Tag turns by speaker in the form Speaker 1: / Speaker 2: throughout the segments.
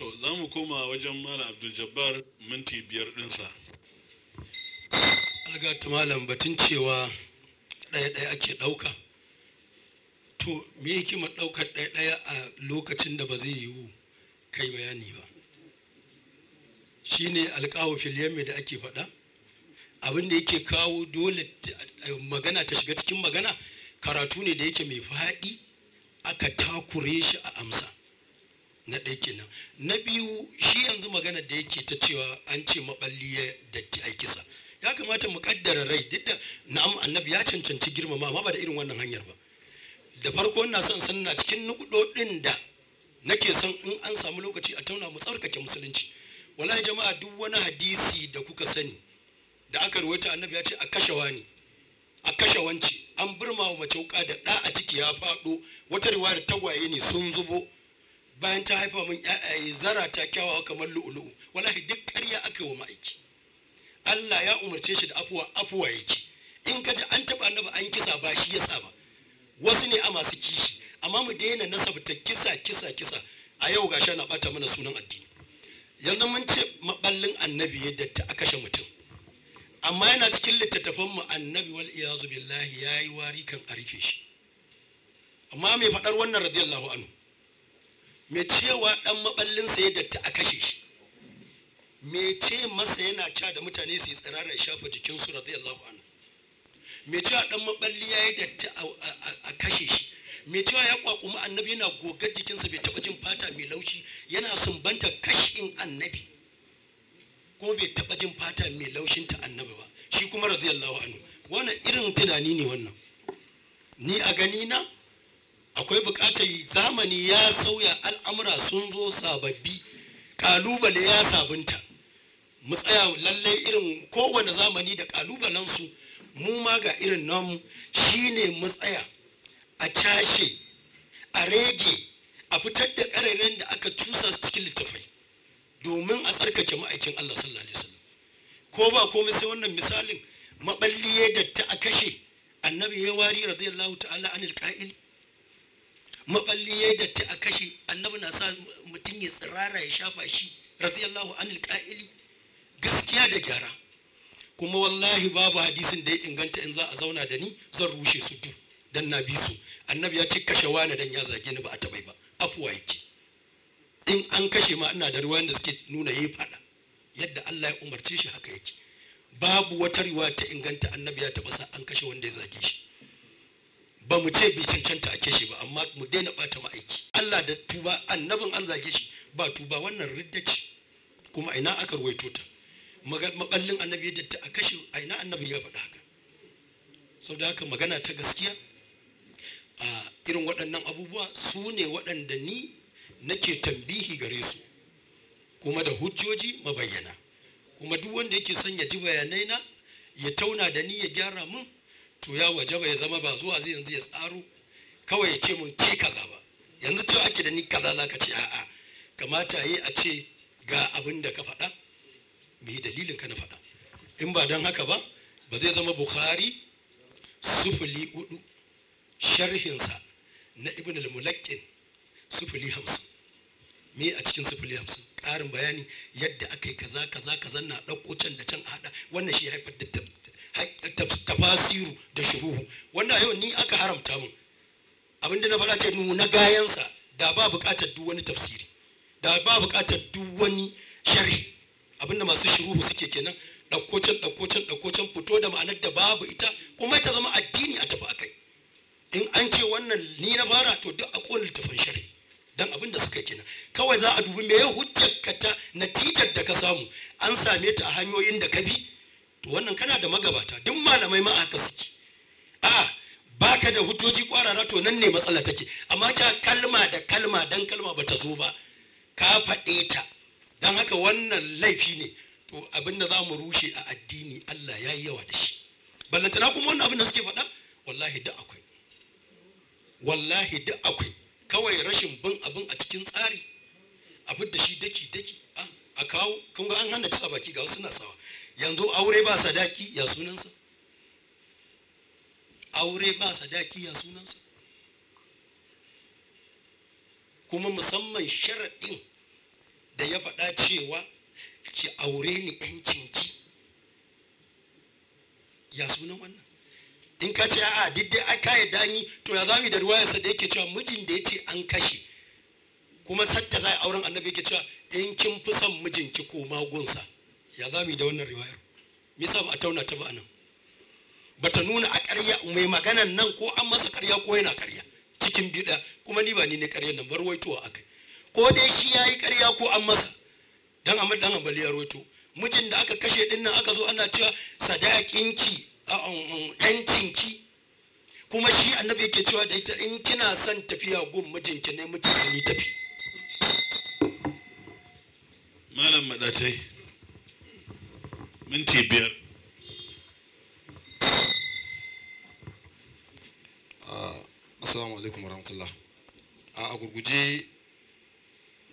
Speaker 1: to za mu koma wajen malam abdul jabbar minti biyar ɗinsa
Speaker 2: algata malam batun cewa ɗaya-ɗaya ake ɗauka to me hikima ɗaukar ɗaya-ɗaya a lokacin da ba zai yiwu kai bayani ba shine alƙawo filiyar da ake faɗa abin da yake kawo dole eh, magana ta shiga cikin magana karatu ne da yake mai faɗi aka takure shi a amsa na ɗaya kenan na biyu shi yanzu magana da yake ta cewa an ce maɓalli ya datti a kisa ya kamata mu kaddara rai duk da na'am annabi ya cancanci girmama amma ba da irin wannan hanyar ba da farko ina son san na cikin nukudodin da nake son in an samu lokaci a tauna mu tsarkake musulunci wallahi jama'a duk wani hadisi da kuka sani da aka ruwaita annabi ya ce a kashe wani a kashe wanci an birma wa mace wuka da ɗa a ciki ya faɗo wata riwayar tagwaye ne sun zubo bayan ta haifa min ya'ayi zara ta kyawawa kamar lu'ulu'u wallahi duk ƙarya aka yi wa ma'aiki Allah ya umarce shi da afuwa afuwa yake in ka ji an taɓa annabi an kisa ba shi ya sa ba wasu ne a masu kishi amma mu daina nasabta kisa kisa kisa a yau ga na bata mana sunan addini yanzu mun ce maballin annabi yadda ta a kashe mutum amma yana cikin littattafan mu annabi wal iyazu billahi yayi wari kan a rufe shi amma mai faɗar wannan radiyallahu anhu mai cewa dan maballinsa ya datta a kashe shi mai ce masa yana ca da mutane su yi tsirarar shafa jikin jikinsu radiyallahu anhu mai cewa dan maballi ya yi datta a kashe shi mai cewa ya kwakumi annabi yana gogar jikinsa bai taɓa jin fata mai laushi yana sumbanta kashin annabi kuma bai taɓa jin fata mai laushin ta annabi ba shi kuma radiyallahu anhu wannan irin tunani ne wannan ni a gani na akwai bukatar zamani ya sauya al'amura sun zo sababbi kalubale ya sabunta mu tsaya lallai irin kowane zamani da kalubalensu mu ma ga irin namu shine mu tsaya a cashe a rege a fitar da ƙararren da aka cusa su cikin littafai domin a tsarkake ma'aikin Allah sallallahu alaihi wasallam ko ba komai sai wannan misalin maballi ya datta a kashe annabi ya wari radiyallahu ta'ala anil qa'il maballi ya yi datti a kashe annabi na sa mutum ya tsirara ya shafa shi radiyallahu anil kaili gaskiya da gyara kuma wallahi babu hadisin da ya inganta in za a zauna da ni zan rushe su duk dan na bi su annabi ya ce kashe wani dan ya zage ni ba a taɓa ba afuwa yake in an kashe ma ina da ruwan da suke nuna ya yi faɗa yadda Allah ya umarce shi haka yake babu wata riwa ta inganta annabi ya taɓa sa an kashe wanda ya zage shi ba mu ce bai cancanta a kashe ba amma mu daina bata ma'aiki Allah da tuba annabin an zage shi ba tuba wannan ridda ce kuma ina aka ruwaito ta maballin annabi da ta a kashe a ina annabi ya faɗa haka sau da haka magana ta gaskiya a irin waɗannan abubuwa su ne waɗanda ni nake tambihi gare su kuma da hujjoji mabayyana kuma duk wanda yake son ya ji bayanai na ya tauna da ni ya gyara mun to ya waje ya zama ba zuwa zai yanzu ya tsaro kawai ya ce mun ke kaza ba yanzu cewa ake da ni kaza za ka ce a'a kamata yi a ce ga abin da ka faɗa mai dalilin ka na faɗa in ba don haka ba ba zai zama bukhari sufuli hudu sharhinsa na ibn al mulakin sufuli hamsin me a cikin sufuli hamsin ƙarin bayani yadda aka yi kaza kaza kaza na ɗauko can da can a haɗa wannan shi haifar da tafasiru da shuruhu wannan yau ni aka haramta min abinda na faɗa ce nuna gayansa da ba buƙatar duk wani tafsiri da ba buƙatar duk wani sharhi abinda masu shuruhu suke kenan ɗaukocin ɗaukocin ɗaukocin fito da ma'anar da babu ita kuma ta zama addini a tafi akai in an ce wannan ni na fara to duk a ƙone littafin sharhi dan abinda suka suka kenan kawai za a dubi me hujjar ka ta natijar da ka samu an same ta a hanyoyin da ka bi to wannan kana da magabata duk malamai ma haka suke a baka da hujjoji kwarara to nan ne matsala take amma ta kalma da kalma dan kalma bata zo ba ka faɗe ta dan haka wannan laifi ne to abinda da zamu rushe a addini Allah ya yi yawa da shi ballantana kuma wannan abin da suke faɗa wallahi duk akwai wallahi duk akwai kawai rashin bin abin a cikin tsari abin da shi daki daki a kawo kun ga an hana ta baki ga wasu na sawa yanzu aure ba sadaki ya sunansa aure ba sadaki ya sunansa kuma musamman sharaɗin da ya faɗa cewa ki aure ni yancinki ya sunan wannan in ka ce a'a duk dai aka yadda dani to ya zami da ruwayarsa da yake cewa mijin da ya ce an kashe kuma sadda za a auren annabi yake cewa in kin fi son mijinki ko magunsa ya za mu yi da wannan riwayar me yasa ba a tauna ta ba anan ta nuna a ƙarya mai maganan nan ko an masa ƙarya ko yana ƙarya cikin bida kuma ni ba ni ne ƙaryar nan bar waitowa kai ko dai shi ya yi ƙarya ko an masa dan amma dan ambali ya roto mijin da aka kashe din nan aka zo ana cewa sadakinki um, um, yancinki kuma shi annabi yake cewa da ita in kina son tafiya gun mijinki ne mijinki ne tafi
Speaker 1: malam madatai minti biyar
Speaker 3: ah, assalamu alaikum warahmatullah ah, a gurguje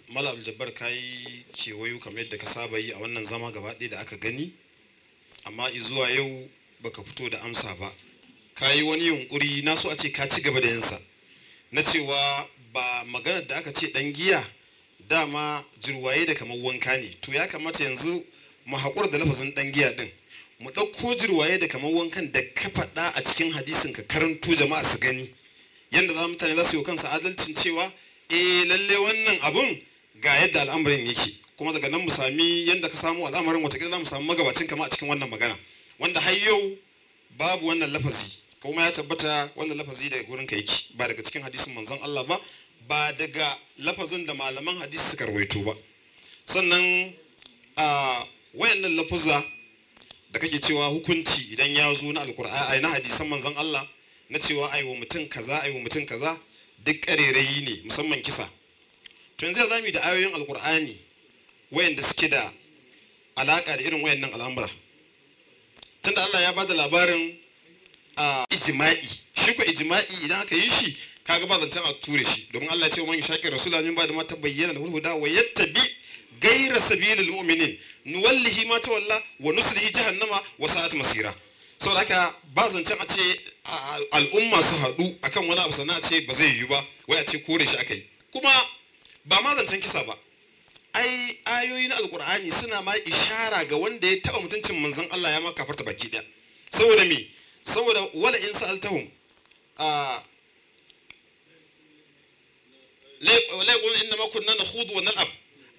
Speaker 3: mala aljabbar ka yi kewayo kamar yadda ka saba yi a wannan zama gaba da aka gani amma zuwa yau baka fito da amsa ba ka yi wani yunkuri na so a ce ka ci gaba da yansa. na cewa ba maganar da aka ce ɗan giya dama jirwaye da kamar wanka ne to ya kamata yanzu mu haƙur da lafazin ɗan giya ɗin mu ɗauko jirwaye da kamar wankan da ka faɗa a cikin hadisin ka karanto jama'a su gani yadda za mutane za su yi kansa adalcin cewa e lalle wannan abun ga yadda al'amarin yake kuma daga nan mu sami yadda ka samu al'amarin watakila za mu samu magabacin kama a cikin wannan magana wanda har yau babu wannan lafazi kuma ya tabbata wannan lafazi daga gurin ka yake ba daga cikin hadisin manzon Allah ba ba daga lafazin da malaman hadisi suka rawaito ba sannan a ah, wayannan lafuzza da kake cewa hukunci idan ya zo na alkur'ani na hadisan manzon Allah na cewa ai wa mutum kaza ai wa mutum kaza duk karerayi ne musamman kisa to yanzu za mu da ayoyin alkur'ani wayanda suke da alaka da irin wayannan al'amura tunda Allah ya bada labarin a ijma'i shi ko ijma'i idan aka yi shi kaga ba zancen a ture shi domin Allah ya ce man yushaqir rasula min ba da ma tabayyana lahu huda wa yattabi gaira sabilil mu'minin nuwallihi ma tawalla wa nuslihi jahannama wa sa'at masira saboda haka ba zancen a ce al'umma su haɗu akan wani abu sannan a ce ba zai yiwu ba wai a ce kore shi akai kuma ba ma zancen kisa ba ai ayoyi na alkur'ani suna ma ishara ga wanda ya taɓa mutuncin manzon Allah ya ma kafarta baki ɗaya saboda me saboda wala in sa'altahum la yaqulun inna ma kunna nakhudu wa nal'ab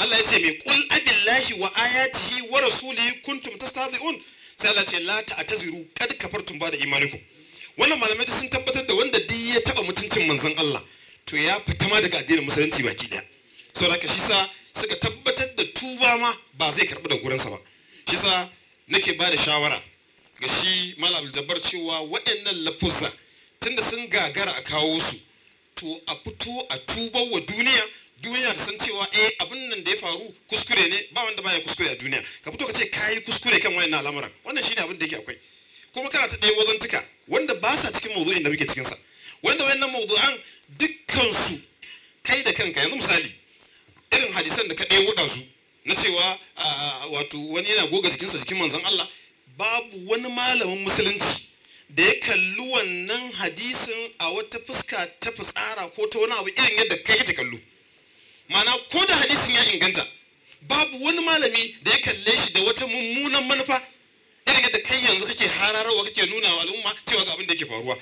Speaker 3: Allah ya ce mai kul abillahi wa ayatihi wa rasuli kuntum tastahzi'un sai Allah ce la ta'taziru kad kafartum ba da imanikum wannan malamai da sun tabbatar da wanda duk ya taba mutuncin manzon Allah to ya fita ma daga addinin musulunci baki daya saboda shi sa suka tabbatar da tuba ma ba zai karbi da gurinsa ba shi sa nake ba da shawara ga shi malam jabbar cewa waɗannan lafuzza tunda sun gagara a kawo su to a fito a tubar wa duniya duniya da san cewa eh abin nan da ya faru kuskure ne ba wanda baya kuskure a duniya ka fito ka ce kayi kuskure kan wayannan al'amuran wannan shine abin da yake akwai kuma kana ta ɗebo tuka wanda ba sa cikin mawdu'in da muke cikin sa wanda wayannan mawdu'an dukkan su kai da kanka yanzu misali irin hadisan da ka wuda su na cewa wato wani yana goga jikinsa jikin manzon Allah babu wani malamin musulunci da ya kalli wannan hadisin a wata fuska ta fitsara ko ta wani abu irin yadda kai kake kallo mana ko da hadisin ya inganta babu wani malami da ya kalle shi da wata mummunan manufa irin yadda kai yanzu kake hararawa kake nuna wa al'umma cewa ga abin da yake faruwa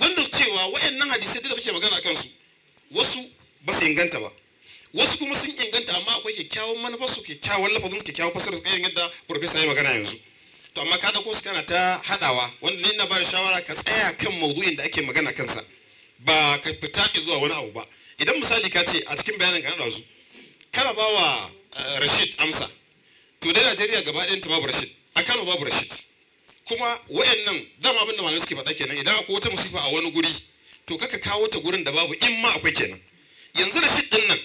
Speaker 3: wanda cewa wayannan hadisai da kake magana kansu wasu ba su inganta ba wasu kuma sun inganta amma akwai kyakkyawan manufar su kyakkyawan lafazin su kyakkyawan fasirar su yadda profesa ya magana yanzu to amma kada ko su kana ta haɗawa wanda ni na ba da shawara ka tsaya kan maudu'in da ake magana kansa ba ka fita zuwa wani abu ba idan misali ka ce a cikin bayanin ka na dazu kana ba wa eh, rashid amsa to dai najeriya gaba ɗayan ta babu rashid a kano babu rashid kuma wayannan dama abin da malamai suke faɗa kenan idan akwai wata musifa a wani guri to kaka kawo ta gurin da babu in ma akwai kenan yanzu rashid din nan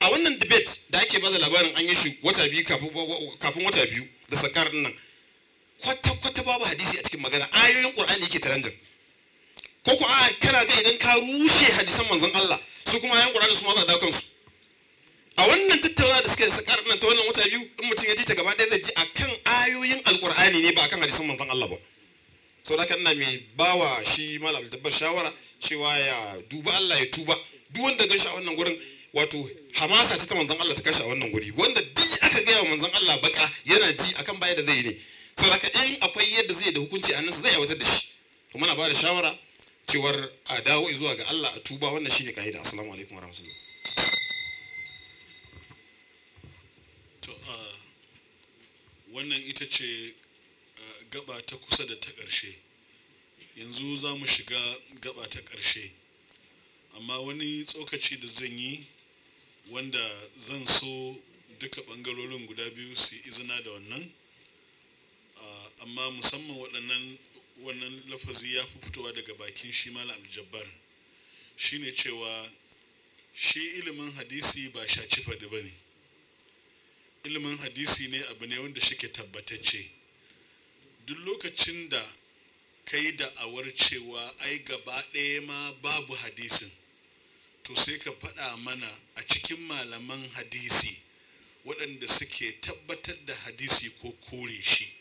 Speaker 3: a wannan debate da ake da labarin an yi shi wata biyu kafin wata biyu da sakar nan kwata kwata babu hadisi a cikin magana ayoyin qur'ani yake taranjin ko ko a kana ga idan ka rushe hadisan manzon Allah su kuma yan qur'ani su ma za da su a wannan tattauna da suke sakar nan ta wannan wata biyu in mutum ya ji ta gaba ɗaya zai ji a kan ayoyin alqur'ani ne ba a kan hadisin manzon Allah ba Sau da kan na mai bawa shi malam tabbar shawara cewa ya duba Allah ya tuba duk wanda gan a wannan gurin wato hamasa ce ta manzon Allah ta kashe a wannan guri wanda duk aka gaya wa manzon Allah baka yana ji akan baya da zai ne Sau saboda in akwai yadda zai da hukunci a nan zai aiwatar da shi kuma na ba da shawara cewar a dawo zuwa ga Allah a tuba wannan shine kaida assalamu alaikum warahmatullahi
Speaker 1: to uh, wannan ita ce uh, gaba ta kusa da ta ƙarshe yanzu za mu shiga gaba ta ƙarshe amma wani tsokaci da zan yi wanda zan so duka ɓangarorin guda biyu su izina da wannan uh, amma musamman waɗannan wannan lafazi ya fi fitowa daga bakin shi malam jabbar shine cewa shi ilimin hadisi ba shaci faɗi ba ne ilimin hadisi ne abu ne wanda shi ke tabbatacce duk lokacin da ka yi da'awar cewa ai gaba ɗaya ma babu hadisin to sai ka faɗa mana a cikin malaman hadisi waɗanda suke tabbatar da hadisi ko kore shi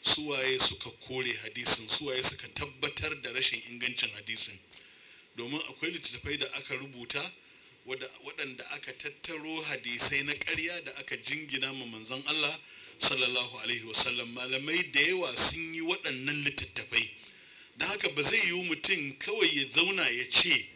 Speaker 1: suwaye suka kore hadisin suwaye suka tabbatar da rashin ingancin hadisin domin akwai littattafai da aka rubuta waɗanda aka tattaro hadisai na ƙarya da aka jingina ma manzon Allah sallallahu alaihi wasallam malamai da yawa sun yi waɗannan littattafai da haka ba zai yiwu mutum kawai ya zauna ya ce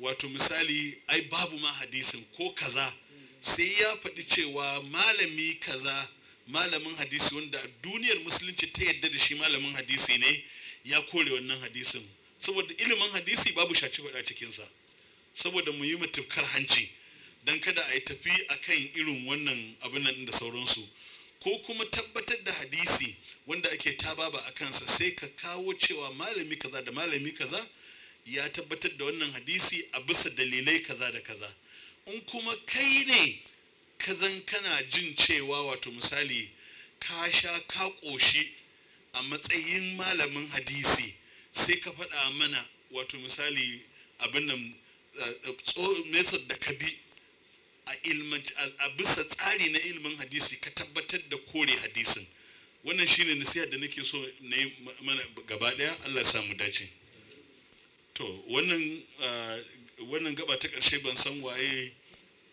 Speaker 1: wato misali ai babu ma hadisin ko kaza sai ya faɗi cewa malami kaza malamin hadisi wanda duniyar musulunci ta yadda da shi malamin hadisi ne ya kore wannan hadisin saboda ilimin hadisi babu shaci faɗa cikinsa saboda mu yi matukar hanci don kada a yi tafi a kan irin wannan abin nan da sauransu ko kuma tabbatar da hadisi wanda ake ba a kansa sai ka kawo cewa malami kaza da malami kaza ya tabbatar da wannan hadisi a bisa dalilai kaza da kaza in kuma kai ne kazan kana jin cewa wato misali ka sha ka ƙoshi a matsayin malamin hadisi sai ka faɗa mana wato misali abin nan eh, eh, method da ka bi a bisa tsari na ilimin hadisi ka tabbatar da kore hadisin wannan shine nasiha da nake so na yi mana gaba daya allah mu dace to eh, wannan gaba ta ƙarshe ban san waye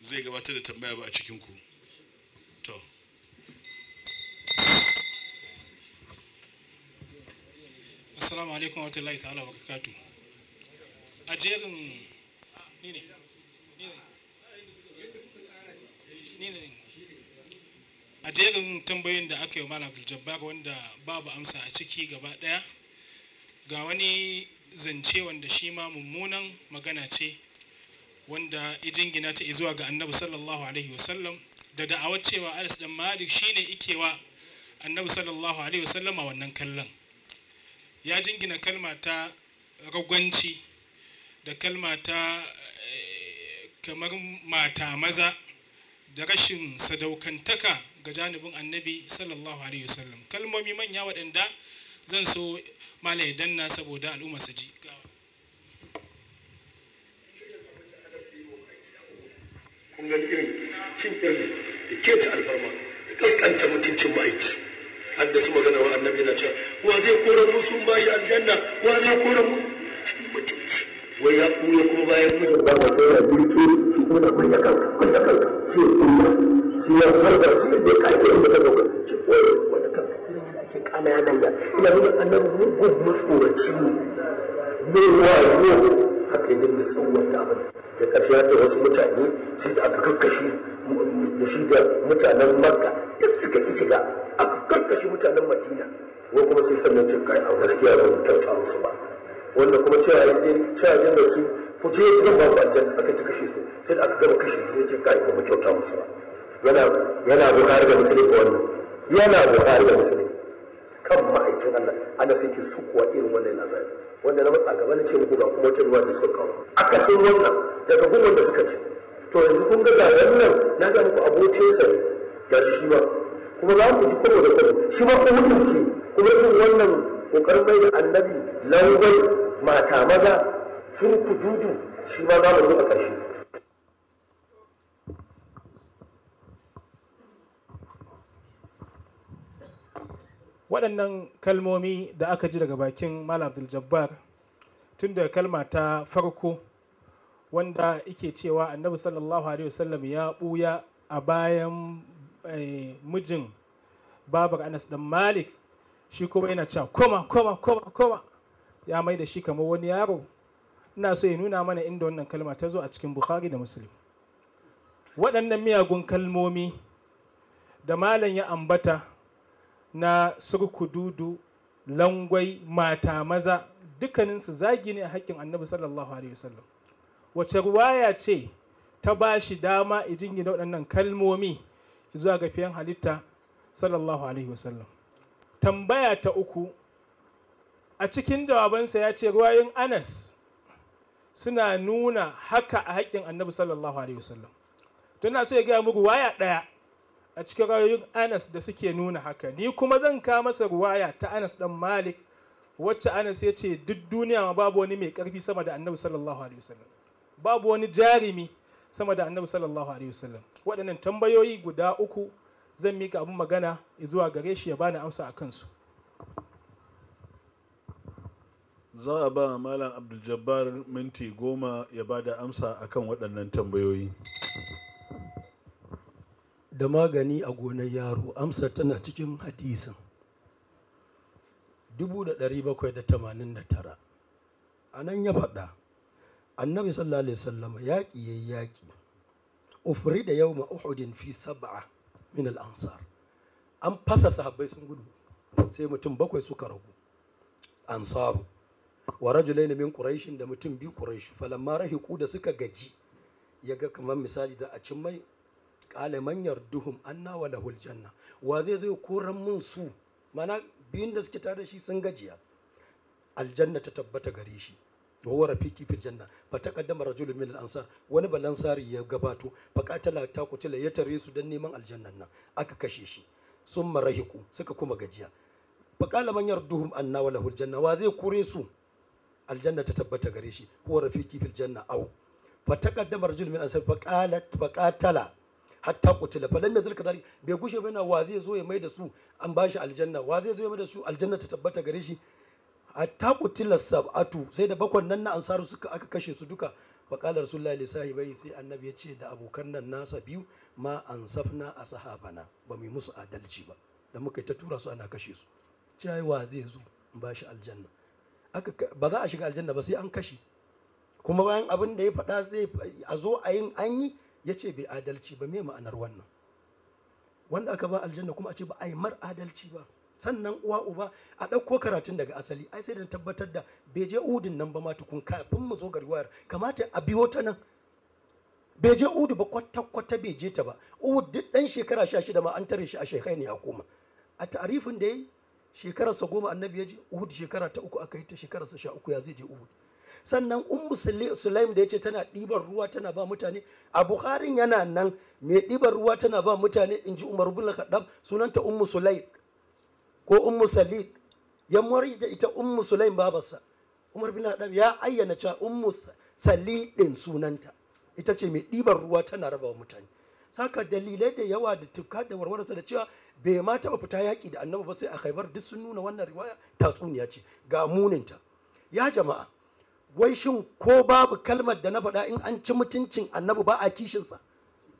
Speaker 1: zai gabatar da tambaya ba a cikin ku to
Speaker 4: assalamu alaikum wa rahmatullahi ta'ala wa barakatuh a jerin ni ne ni ne a jerin tambayoyin da aka yi wa malam jabbar wanda babu amsa a ciki gaba daya ga wani zance wanda shi ma mummunan magana ce wanda ya jingina ta zuwa ga annabi sallallahu alaihi wasallam da da'awar cewa anas dan malik shine ikewa annabi sallallahu alaihi wasallam a wannan kallon ya jingina kalma ta ragwanci da kalma ta eh, kamar mata maza da rashin sadaukantaka ga janibin annabi sallallahu alaihi wasallam kalmomi manya waɗanda zan so malayi danna saboda al'umma su ji
Speaker 5: kun gani irin cin irin da ta alfarma da kaskanta mutuncin ma'aiki har da su magana wa annabi na cewa wa zai kora mu sun ba shi aljanna wa zai kora mu mutunci wai ya kuya kuma bayan mutum ba sai ya birto shi kuma da kunya kanka kunya kanka shi ya shi ya farga shi ya kai da ka shi koyo wata kanka ake kana ya ina nuna annabi mugun matsoraci ne ne wa yau haka ne tsawon da ƙarshe da wasu mutane sai da aka kakkashe da shi da mutanen makka duk suka ƙi shiga aka kakkashe mutanen madina ko kuma sai sannan cin kai a gaskiya ba mu kyauta musu ba wanda kuma cewa ya cewa ya da su fice da babban ku aka ci kashe su sai da aka gama kashe su sai cin kai ba mu kyauta musu ba yana yana buƙatar da musulmi wannan yana buƙatar da musulmi kan ma'aikin Allah ana sai ke sukuwa irin wannan lazari wanda na matsa gaba na ce muku ba kuma wata ruwa da suka kawo aka san wannan daga hukumar da suka ce to yanzu kun ga nan na ga muku abokinsa ne ga shi shi ma kuma za mu ji kuma da kuma shi ma kuma mutunci kuma irin wannan kokarin mai da annabi langon mata maza sun kududu shi ma za mu zo a ƙarshe
Speaker 4: waɗannan kalmomi da aka ji daga bakin malam abdul-jabbar tun da kalma ta farko wanda ike cewa annabi sallallahu alaihi wasallam ya ɓuya a bayan eh, mijin babar anas dan malik shi kuma yana cewa koma koma koma koma ya mai da shi kamar wani yaro ina so ya nuna mana inda wannan kalma ta zo a cikin bukhari da muslim waɗannan miyagun kalmomi da malam ya ambata na surkududu langwai mata maza dukkaninsu zagi ne a haƙƙin annabi sallallahu alaihi wasallam wace ruwaya ce ta ba shi dama idin da waɗannan kalmomi zuwa ga fiyan halitta sallallahu alaihi wasallam tambaya ta uku a cikin jawabansa ya ce ruwayin anas suna nuna haka a haƙƙin annabi sallallahu alaihi wasallam tana so ya gaya mu waya ɗaya a cikin rayoyin anas da suke nuna haka ni kuma zan ka masa ruwaya ta anas dan malik wacce anas ya ce duk duniya ma babu wani mai karfi sama da annabi sallallahu alaihi wasallam babu wani jarimi sama da annabi sallallahu alaihi wasallam waɗannan tambayoyi guda uku zan mika abin magana zuwa gare shi ya bani amsa a kansu
Speaker 1: za a ba malam abdul jabbar minti goma ya ba da amsa akan waɗannan tambayoyi da magani a gonar yaro amsa tana cikin hadisin
Speaker 2: 1789 a nan ya faɗa annabi sallallahu alaihi wasallam yaƙi yayi yaƙi ufri da yau ma'uhudin fi saba'a, min al-ansar an fasa sahabbai sun gudu sai mutum bakwai suka ragu ansaru wa rajulaini min quraishin da mutum biyu quraish falamma rahiqu da suka gaji yaga kamar misali da a cin mai kale man yarduhum anna wa lahul janna wa zai zo koran mun su mana biyun da suke tare da shi sun gajiya aljanna ta tabbata gare shi wa huwa rafiqi fil janna fa taqaddama rajulun min al ansar wani balansari ya gabato fa qatala ta kutila ya tare su dan neman aljannan nan aka kashe shi summa rahiqu suka kuma gajiya fa qala man yarduhum anna wa lahul janna wa zai kure su aljanna ta tabbata gare shi huwa rafiqi fil janna aw fa taqaddama rajulun min al ansar fa qalat fa qatala hatta qutila falam yazil kadhalik bai gushe ba yana wa zai zo ya mai da su an ba shi aljanna wa zai zo ya mai da su aljanna ta tabbata gare shi hatta kutilar sab'atu sai da bakwan nan na ansaru suka aka kashe su duka faƙalar sulla lissahi bai sai annabi ya ce da abokan nan nasa biyu ma an safna a ba mu musu adalci ba da muka ta tura su ana kashe su cewa zai zo ba shi aljanna ba za a shiga aljanna ba sai an kashe kuma bayan abin da ya faɗa zai a zo a yin an yi ya ce bai adalci ba me ma'anar wannan wanda aka ba aljanna kuma a ce ba a yi mar adalci ba sannan uwa uba a ɗauko karatun daga asali ai sai da tabbatar da bai je udin nan ba ma tukun kafin mu zo ga kamata a biyo ta nan bai je udu ba kwata kwata bai je ta ba Uhud duk dan shekara 16 ma an tare shi a shekai ne ya koma a ta'arifin da yi shekarar sa goma annabi ya je uhud shekara ta uku aka yi ta shekarar sa sha uku ya zai je uhud sannan ummu sulaim da ya ce tana ɗibar ruwa tana ba mutane a bukharin yana nan mai ɗibar ruwa tana ba mutane in ji umar bin khaddab sunanta ummu sulaim ko ummu salid ya mori da ita ummu sulaim babarsa umar bin khaddab ya ayyana cewa ummu salidin sunanta ita ce mai ɗibar ruwa tana raba wa mutane saka dalilai da yawa da tuka da warwararsa da cewa bai ma taɓa fita yaƙi da annabi ba sai a khaibar duk sun nuna wannan riwaya tatsuniya ce ga muninta ya jama'a wai shin ko babu kalmar da na faɗa in an ci mutuncin annabi ba a kishinsa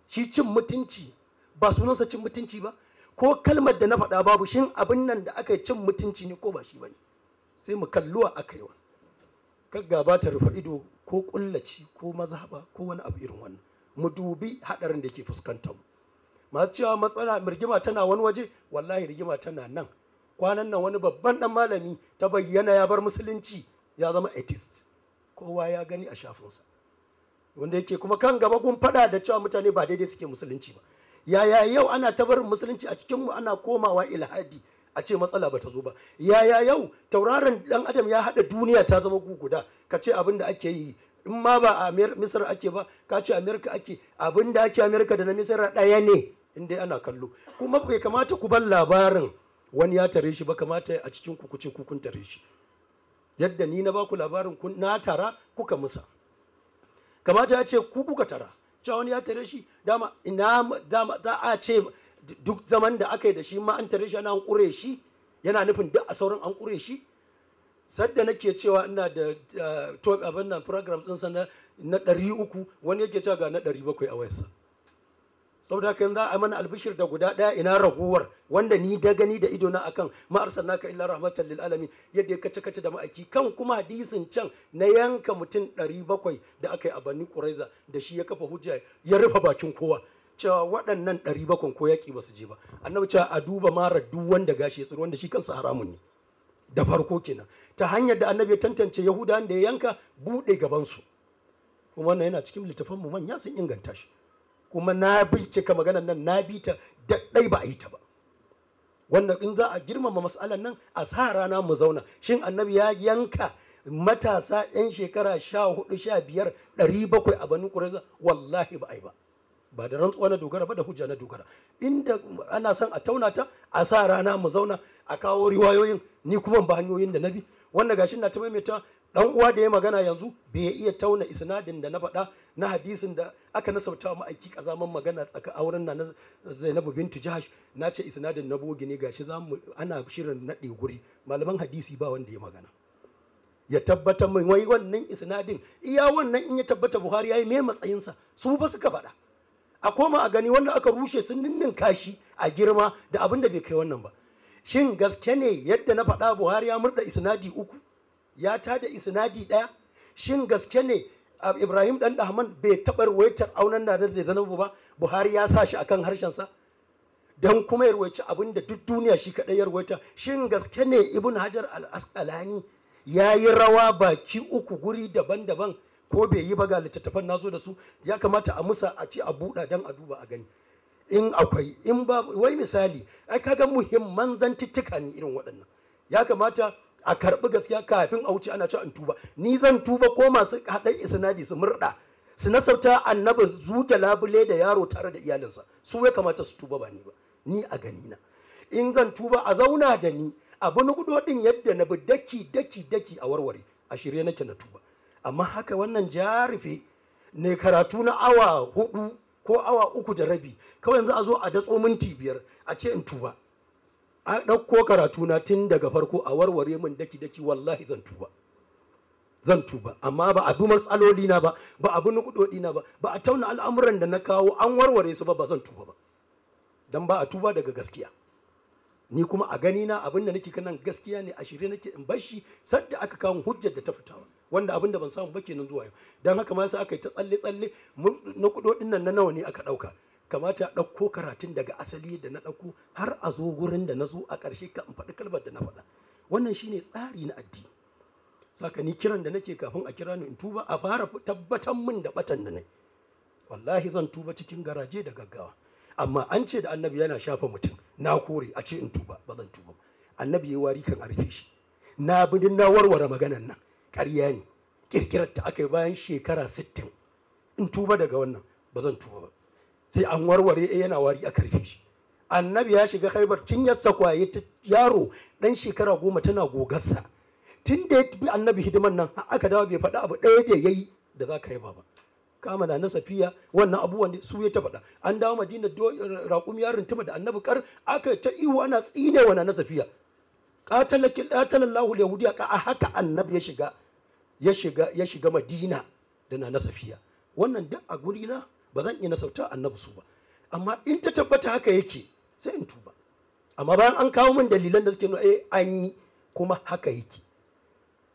Speaker 2: shi cin mutunci ba sunansa cin mutunci ba ko kalmar da na faɗa babu shin abin nan da aka cin mutunci ne ko ba shi ba ne sai mu kalluwa aka yi wa kagga ba ta rufe ido ko kullaci ko mazhaba ko wani abu irin wannan mu dubi haɗarin da ke fuskantar mu masu cewa matsala rigima tana wani waje wallahi rigima tana nan kwanan nan wani babban dan malami ta bayyana ya bar musulunci ya zama atheist kowa ya gani a shafinsa wanda yake kuma kan gaba kun faɗa da cewa mutane ba daidai suke musulunci ba yaya yau ana ta barin musulunci a cikin mu ana komawa ilhadi a ce matsala ba ta zo ba yaya yau tauraron dan adam ya haɗa duniya ta zama guguda ka ce abin da ake yi in ma ba a misir ake ba ka ce amerika ake abin da ake amerika da na misira ɗaya ne in dai ana kallo kuma bai kamata ku bar labarin wani ya tare shi ba kamata a cikin ku kuce tare shi yadda ni na baku labarin kun na tara kuka musa kamata ya ce ku kuka tara cewa wani ya tare shi dama ina dama za a ce duk zaman da aka yi da shi ma an tare shi ana an kure shi yana nufin duk a sauran an kure shi sadda nake cewa ina da eh, abin nan program din sana na 300 wani yake cewa ga na 700 a wayarsa saboda kan za a mana albishir da guda daya ina raguwar wanda ni da gani da ido na akan ma ka illa rahmatan lil alamin yadda ya kace kace da ma'aiki kan kuma hadisin can na yanka mutum 700 da aka yi a Bani Quraiza da shi ya kafa hujja ya rufe bakin kowa cewa waɗannan 700 ko yaƙi ba su je ba annabi cewa a duba mara duk wanda gashi ya tsiro wanda shi kansa haramun ne da farko kenan ta hanyar da annabi ya tantance yahudawan da ya yanka buɗe gabansu kuma wannan yana cikin mu manya sun inganta shi kuma na bincika maganar nan na bi ta daɗai ba a yi ta ba wannan in za a girmama masalan nan a sa rana mu zauna shin annabi ya yanka matasa 'yan shekara sha hudu sha biyar ɗari bakwai a banu ƙuraiza wallahi ba a yi ba ba da rantsuwa na dogara ba da hujja na dogara inda ana son a tauna ta a sa rana mu zauna a kawo riwayoyin ni kuma ba hanyoyin da na bi wannan gashin na ta maimaita dan uwa da ya magana yanzu bai iya tauna isnadin da na faɗa na hadisin da aka nasauta mu aiki kazaman magana tsaka auren na Zainabu bintu Jahash na ce isnadin na bogi ne gashi shi ana shirin naɗe guri malaman hadisi ba wanda ya magana ya tabbata min wai wannan isnadin iya wannan in ya tabbata Buhari yayi me matsayinsa su ba suka faɗa a koma a gani wanda aka rushe sun ninnin kashi a girma da abin da bai kai wannan ba shin gaske ne yadda na faɗa Buhari ya murda isnadi uku ya tada isnadi ɗaya shin gaske ne ibrahim dan dahman bai taɓa ruwaitar aunan da zai zanabu ba buhari ya sa shi akan sa. don kuma ya ruwaici abin da duk duniya shi kaɗai ya ruwaita shin gaske ne ibn hajar al-asqalani ya yi rawa baki uku guri daban-daban ko bai yi ba ga littattafan nazo da su ya kamata a musa a ci a buɗa don a duba a gani in akwai in ba wai misali ai kaga muhimman zantuttuka ne irin waɗannan ya kamata a karɓi gaskiya kafin a wuce ana cewa in tuba ni zan tuba ko masu haɗa isnadi su murɗa su nasauta annabi zuke labule da yaro tare da iyalinsa su ya kamata su tuba ba ni ba ni a gani na in zan tuba a zauna da ni abu na din yadda na bi daki daki daki a warware a shirye nake na tuba amma haka wannan jarife ne karatu na awa hudu ko awa uku da rabi kawai yanzu a zo a datso minti biyar a ce in tuba a ɗauko karatuna tun daga farko a warware min daki-daki wallahi zan tuba zan tuba amma ba a bi tsaloli na ba ba a bi nukudodi na ba ba a tauna al'amuran da na kawo an warware su ba ba zan tuba ba dan ba a tuba daga gaskiya ni kuma a gani na abin da nake kanan gaskiya ne a shirye nake in bashi sadda aka kawo hujjar da ta fita wanda abin da ban samu ba kenan zuwa yau dan haka ma sai aka yi ta tsalle tsalle na kudodin nan na nawa ne aka dauka kamata a ɗauko karatun daga asali da na ɗauko har a zo wurin da na zo a ƙarshe ka in faɗi kalmar da na faɗa wannan shine tsari na addini saka ni kiran da nake kafin a kira ni in tuba a fara tabbatar min da batan da nai wallahi zan tuba cikin garaje da gaggawa amma an ce da annabi yana shafa mutum na kore a ce in tuba ba zan tuba annabi ya wari kan arfe shi na bidin na warware maganan nan ƙarya ne kirkirar ta aka yi bayan shekara 60 in tuba daga wannan ba zan tuba ba sai an warware eh, yana wari a karfe shi annabi ya shiga khaibar ya sakwaye ta yaro dan shekara goma tana gogarsa tun da ya bi annabi hidiman nan aka dawo bai faɗi abu ɗaya da ya yi da za ka yi ba kama na safiya wannan abubuwan su ya ta faɗa an dawo madina raƙum yarin tuma da annabi kar aka ta ihu ana tsine wa na safiya qatalallahu yahudiya ka a haka annabi ya shiga ya shiga madina da na safiya wannan duk a gurina ba zan iya nasauta annabi su ba amma in ta tabbata haka yake sai in tuba amma bayan an kawo min dalilan da suke nuna eh an yi kuma haka yake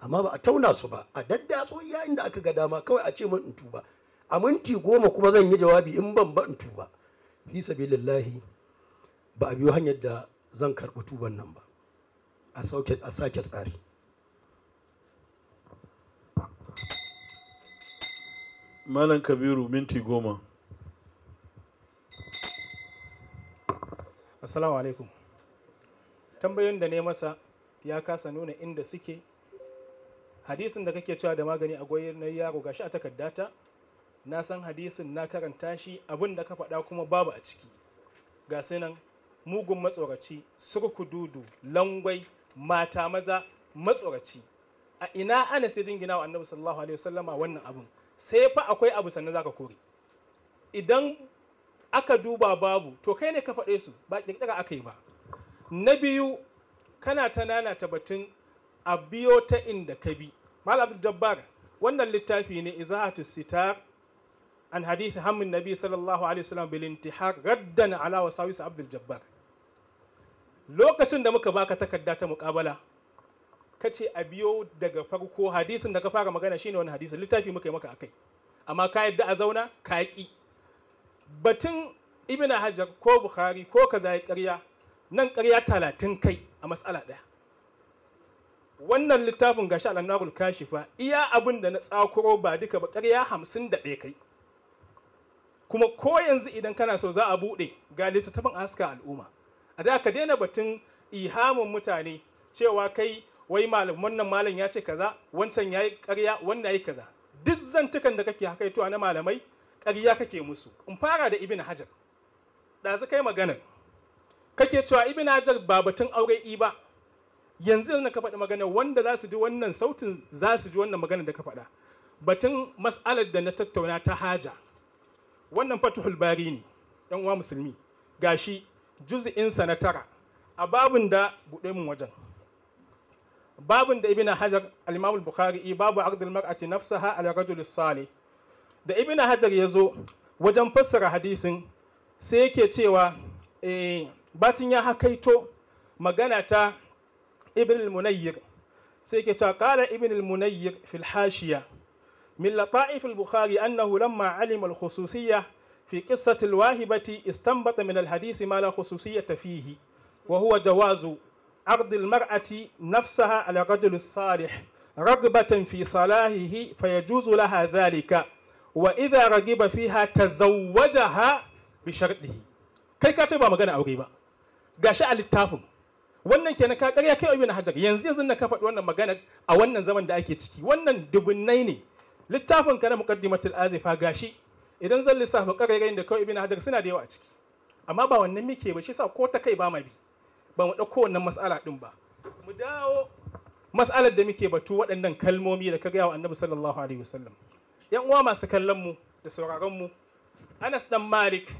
Speaker 2: amma ba a tauna su ba a daddatso iya inda aka ga dama kawai a ce min in tuba a minti goma kuma zan yi jawabi in ban ba in tuba fi sabilillahi ba a biyo hanyar da zan karɓi tuban nan ba a sake tsari
Speaker 1: malam kabiru minti goma assalamu alaikum
Speaker 4: tambayoyin da ne masa ya kasa nuna inda suke hadisin da kake cewa da magani a goyi na yaro gashi a takaddata na san hadisin na karanta shi abin da ka faɗa kuma babu a ciki ga nan mugun matsoraci surkududu langwai mata maza matsoraci a ina ana sai jingina wa annabi sallallahu alaihi wasallama wannan abin sai fa akwai abu sannan ka kore idan aka duba babu to kai ne ka faɗe su ba ƙirƙira aka yi ba na biyu kana ta nana ta batun a biyo ta inda ka bi malam dabbar wannan littafi ne izahatu sitar an hadith hammin nabi sallallahu alaihi wasallam bil intihar raddan ala wasawis abdul jabbar lokacin da muka baka takarda ta muƙabala ka ce a biyo daga farko hadisin da ka fara magana shine wani hadisin littafi muka yi maka akai amma ka yadda a zauna ka ki batun ibn hajar ko bukhari ko kaza ya ƙarya nan karya talatin kai a matsala ɗaya wannan littafin gashi kashi kashifa iya abin da na tsakuro ba duka ba karya hamsin da ɗaya kai kuma ko yanzu idan kana so za a buɗe ga littattafan aska al'umma a da ka daina batun ihamin mutane cewa kai wai malam wannan malam ya ce kaza wancan yayi ƙarya wannan yayi kaza duk zantukan da kake hakaitowa na malamai ƙarya kake musu in fara da ibn hajar ɗazu kai maganar kake cewa ibn hajar ba batun aure i ba yanzu yanzu ka faɗi magana wanda za su ji wannan sautin za su ji wannan magana da ka faɗa batun mas'alar da na tattauna ta haja wannan fatuhul bari ne yan uwa musulmi gashi juz'in na tara a babun da buɗe mun wajen babun da ibn hajar al bukhari babu aqdul mar'ati nafsaha ala rajul salih da ibn hajar ya zo wajen fassara hadisin sai yake cewa eh batin ya hakaito magana ta ibn al-munayyir sai yake cewa qala ibn al-munayyir fil hashiya min lata'if al-bukhari annahu lamma alima al-khususiyyah في قصة الواهبة استنبط hadisi الحديث ما لا fihi فيه وهو جواز عرض المرأة نفسها على الرجل الصالح رغبة في صلاحه فيجوز لها ذلك وإذا رغب فيها تزوجها بشرطه kai ka ce ba magana aure ba gashi a littafin wannan kenan ka ƙarya kai ibn hajar yanzu yanzu na ka faɗi wannan magana a wannan zaman da ake ciki wannan dubunnai ne littafin ka na muqaddimatul azifa gashi idan zan lissafa ƙarerayin da kai ibn hajar suna da yawa a ciki amma ba wannan muke ba shi sa ko ta kai ba ma bi ba mu ɗauko wannan matsala ɗin ba mu dawo matsalar da muke batu waɗannan kalmomi da ka gaya wa annabi sallallahu alaihi wasallam yan uwa masu kallon mu da sauraron mu Anas dan Malik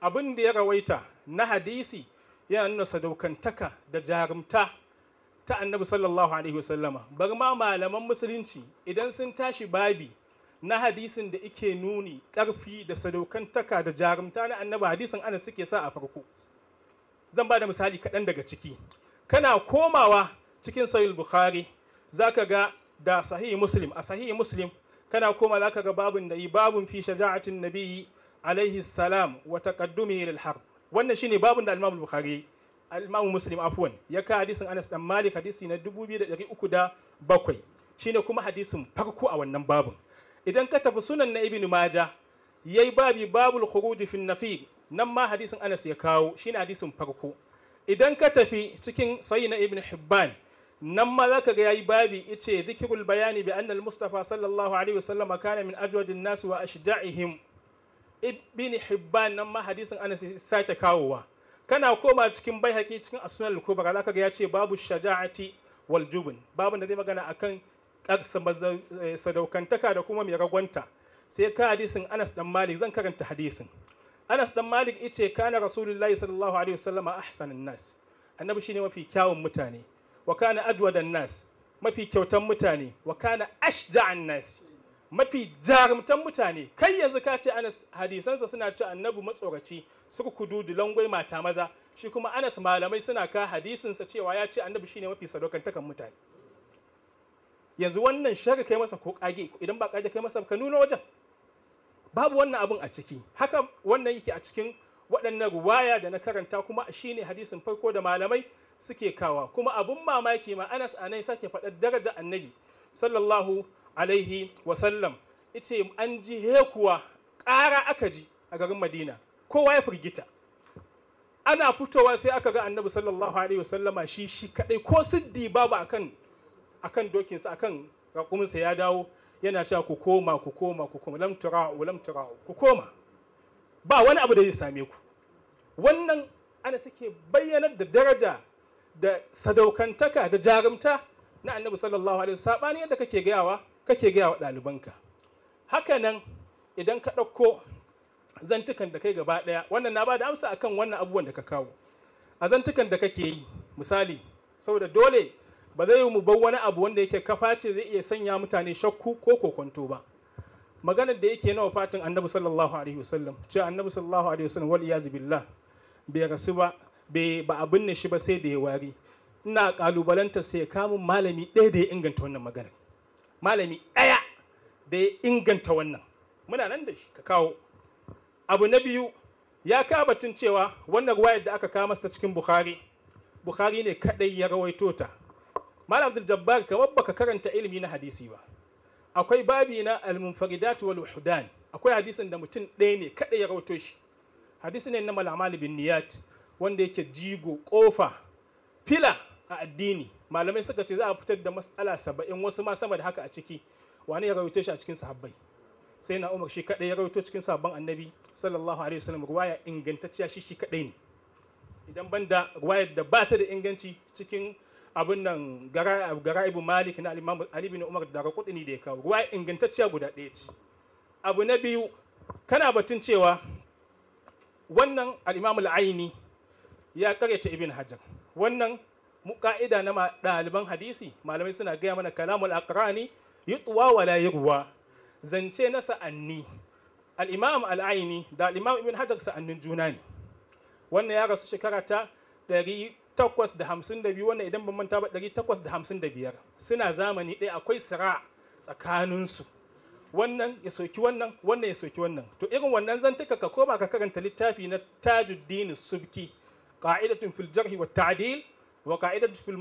Speaker 4: abin da ya rawaita na hadisi yana nuna sadaukantaka da jarumta ta annabi sallallahu alaihi wasallama bar ma malaman musulunci idan sun tashi babi na hadisin da ike nuni ƙarfi da sadaukantaka da jarumta na annabi hadisin anas suke sa a farko zan ba da misali kaɗan daga ciki kana komawa cikin sahih bukhari zaka ga da sahih muslim a sahih muslim kana koma zaka ga babun da yi babun fi shaja'atin nabiyyi alaihi salam wa taqaddumihi lil harb wannan shine babun da al-imam bukhari al-imam muslim ya ka hadisin Anas dan Malik hadisi na da 2307 shine kuma hadisin farko a wannan babun idan ka tafi sunan na ibnu maja yayi babi babul khuruj fi nafi nan ma hadisin Anas ya kawo shine hadisin farko idan ka tafi cikin sayi na Ibn Hibban nan ma zaka ga yayi babi ice zikirul bayani bi anna mustafa sallallahu alaihi wasallam kana min ajwadin nas wa ashda'ihim Ibn Hibban nan ma hadisin Anas ya sake kawowa kana koma cikin baihaqi cikin as-sunan al-kubra zaka ga ya ce babu shaja'ati wal jubn babin da zai magana akan eh, sadaukantaka da kuma mai ragwanta sai ka hadisin Anas dan Malik zan karanta hadisin Anas dan Malik ice kana Rasulullahi sallallahu alaihi wasallama ahsanan nas annabi shine mafi kyawun mutane wa kana nas mafi kyautan mutane wa kana ashja'an nas mafi jarumtan mutane kai yanzu ka ce Anas hadisansa suna ce annabi matsoraci surkudu langwai mata maza shi kuma Anas malamai suna ka hadisinsa cewa ya ce annabi shine mafi sadaukantakan mutane yanzu wannan shari kai masa ko kage idan ba kage kai masa ka nuna wajen babu wannan abin a ciki haka wannan yake a cikin waɗannan ruwaya da na karanta kuma shine hadisin farko da malamai suke kawa kuma abin mamaki ma Anas anai sake faɗar daraja annabi sallallahu alaihi wasallam ice an ji hekuwa ƙara aka ji a garin Madina kowa ya firgita ana fitowa sai aka ga annabi sallallahu alaihi wasallama shi shi kadai ko siddi babu akan akan dokinsa akan raƙuminsa ya dawo yana sha ku koma ku koma ku koma lam tura'u lam tura'u ku koma ba wani abu da zai same ku wannan ana suke bayyanar da daraja da sadaukantaka da jarumta na annabi sallallahu alaihi sabani yadda kake gayawa kake gayawa Haka nan idan ka ɗauko zantukan da kai gaba ɗaya wannan na ba da amsa akan wannan abubuwan da ka kawo a zantukan da kake yi misali saboda dole ba zai mu bar wani abu wanda yake kafa ce zai iya sanya mutane shakku ko kokonto ba maganar da yake nawa fatin annabi sallallahu alaihi wasallam cewa annabi sallallahu alaihi wasallam wal iyaz billah bai rasu ba bai ba abin ne shi ba sai da ya wari ina kalubalanta sai kamun malami ɗaya da ya inganta wannan maganar malami ɗaya da ya inganta wannan muna nan da shi ka kawo abu na biyu ya kabatun cewa wannan ruwayar da aka kawo masa cikin bukhari bukhari ne kadai ya rawaito ta malam abdul jabbar kamar baka karanta ilimi na hadisi ba akwai babi na al-munfaridat wal hudan akwai hadisin da mutum ɗaya ne kada ya rawato shi hadisi ne na malamal bin niyat wanda yake jigo kofa fila a addini malamai suka ce za a fitar da mas'ala saba'in wasu ma sama da haka a ciki wani ya rawaito shi a cikin sahabbai sai na umar shi kadai ya rawaito cikin sabon annabi sallallahu alaihi wasallam ruwaya ingantacciya shi shi kadai ne idan banda ruwayar da ba ta da inganci cikin abin nan gara'ibu malik na alimamu ali bin umar da rakudini da ya kawo ruwa ingantacciya guda ɗaya ce abu na biyu kana batun cewa wannan alimamu la'aini ya karyata ibn hajar wannan ka'ida na ɗaliban hadisi malamai suna gaya mana kalamul tsuwa wa wala ruwa zance na sa'anni al'imam al'aini da al'imam ibin ibn hajar sa'annin juna ne wannan ya rasu shekara ta ɗari takwas da hamsin da biyu wannan idan ban manta ba ɗari takwas da hamsin da biyar suna zamani ɗaya akwai sira tsakaninsu wannan ya soki wannan wannan ya soki wannan to irin wannan zan tuka ka koma ka karanta littafi na tajuddin subki qa'idatun fil wa ta'dil wa qa'idatun fil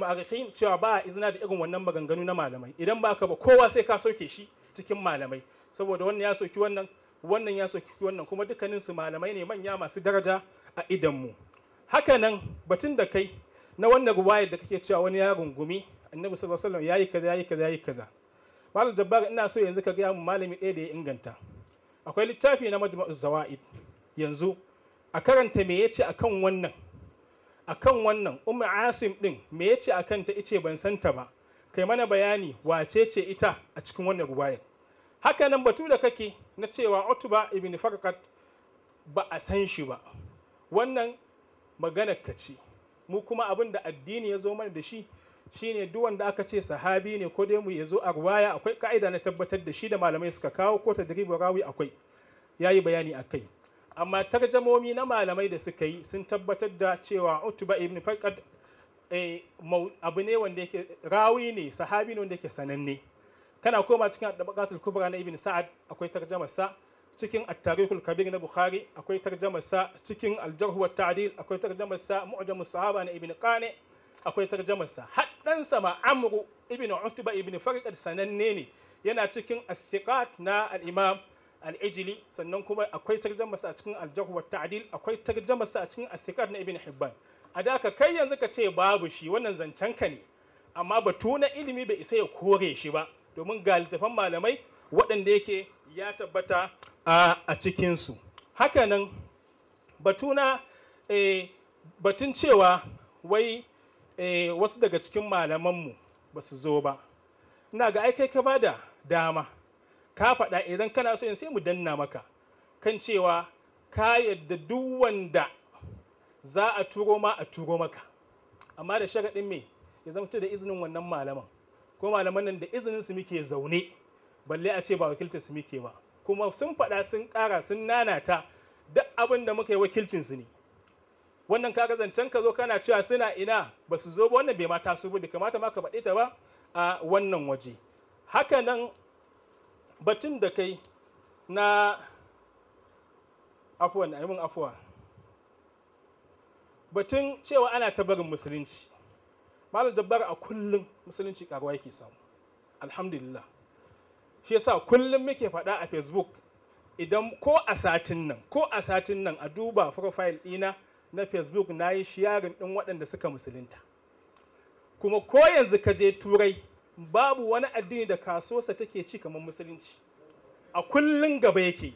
Speaker 4: cewa ba izina da irin wannan maganganu na malamai idan ba ka ba kowa sai ka soke shi cikin malamai saboda wannan ya soki wannan wannan ya soki wannan kuma dukkaninsu malamai ne manya masu daraja a idanmu haka nan batun da kai na wannan ruwayar da kake cewa wani ya rungumi annabi sallallahu alaihi wasallam yayi kaza yayi kaza yayi kaza malam jabbar ina so yanzu ka ga mu malami ɗaya da ya inganta akwai littafi na majma'u zawaid yanzu a karanta me yace akan wannan akan wannan ummu asim din me yace akan ta ice ban san ta ba kai mana bayani wace ce ita a cikin wannan ruwayar haka nan batu da kake na cewa utba ibn farqat ba a san shi ba wannan maganar ka ce mu kuma abin da addini ya zo mana da shi shine duk wanda aka ce sahabi ne ko dai mu ya zo a ruwaya akwai ka'ida na tabbatar da shi da malamai suka kawo ko tadribu rawi akwai yayi bayani akai amma tarjamomi na malamai da suka yi sun tabbatar da cewa Utba ibn eh, abu ne wanda yake rawi ne sahabi ne wanda yake sananne kana koma cikin dabaqatul kubra na ibn Sa'ad akwai tarjamar sa cikin at kabir na bukhari akwai tarjamar sa cikin Aljarhu wa ta'dil akwai tarjamar sa mu'jam sahaba na ibn Qane akwai tarjamarsa sa haddan ma amru ibn utba ibn farqad sananne ne yana cikin as na al-imam al-ijli sannan kuma akwai tarjamar a cikin Aljarhu wa ta'dil akwai tarjamar a cikin as na ibn hibban a da ka kai yanzu ka ce babu shi wannan zancen ka ne amma batu na ilimi bai isa ya kore shi ba domin ga littafan malamai waɗanda yake ya tabbata a, a cikinsu hakanan batuna e, batun cewa wai e, wasu daga cikin malamanmu ba su zo ba ina ga aikai ka bada dama ka faɗa idan kana so in sai mu danna maka kan cewa ka yadda duk wanda za a turo ma a turo maka amma da sharaɗin me ya zama da izinin wannan malaman ko malaman nan da izinin su muke zaune balle a ce ba wakiltar su muke ba kuma sun faɗa sun ƙara sun nanata duk abin da muka yi wakilcin su ne wannan kaga zancen ka zo kana cewa suna ina ba su zo ba wannan bai mata su bude kamata ma ka faɗi ta ba a wannan waje haka nan batun da kai na afuwan ayi mun afuwa batun cewa ana ta barin musulunci malam dabbar a kullum musulunci karuwa yake samu alhamdulillah shi yasa kullum muke faɗa a facebook idan ko a satin nan ko a satin nan a duba profile ɗina na facebook na yi shiyarin ɗin waɗanda suka musulunta kuma ko yanzu ka je turai babu wani addini da sa take ci kamar musulunci a kullum gaba yake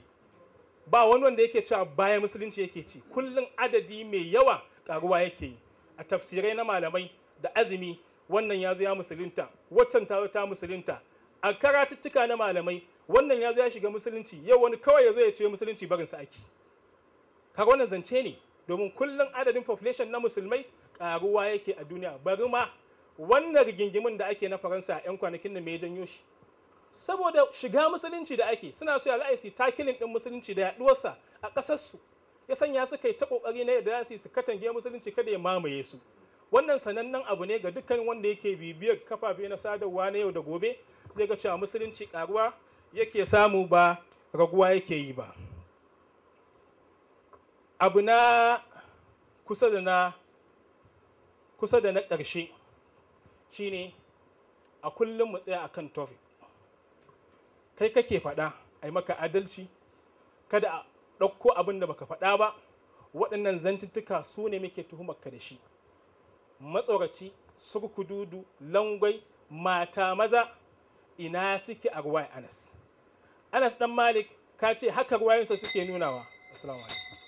Speaker 4: ba wani wanda yake cewa baya musulunci yake ci kullum adadi mai yawa karuwa yake yi a tafsirai na malamai da azumi wannan ya zo ya musulunta waccan ta ta musulunta a karatuttuka na malamai wannan ya zo ya shiga musulunci yau wani kawai ya zo ya ce musulunci barin sa ake kaga wannan zance ne domin kullum adadin population na musulmai karuwa yake a duniya bari ma wannan rigingimin da ake na faransa yan kwanakin da mai janyo saboda shiga musulunci da ake suna so ya za su takilin din musulunci da yaduwarsa a ƙasar su ya sanya suka yi ta kokari na yadda su su katange musulunci kada ya mamaye su wannan sanannen abu ne ga dukkan wanda yake bibiyar kafafe na sadarwa na yau da gobe zai ga cewa musulunci karuwa yake samu ba raguwa yake yi ba abu na kusa da na kusa da na ƙarshe shine a kullum mu tsaya kan tofik kai kake faɗa a yi maka adalci kada a ɗauko abin da baka faɗa ba waɗannan zantuttuka su ne muke tuhumarka da shi matsoraci surkududu langwai mata maza ina suke a ruwaya anas anas dan malik ka ce haka ruwayansa suke nunawa assalamu alaikum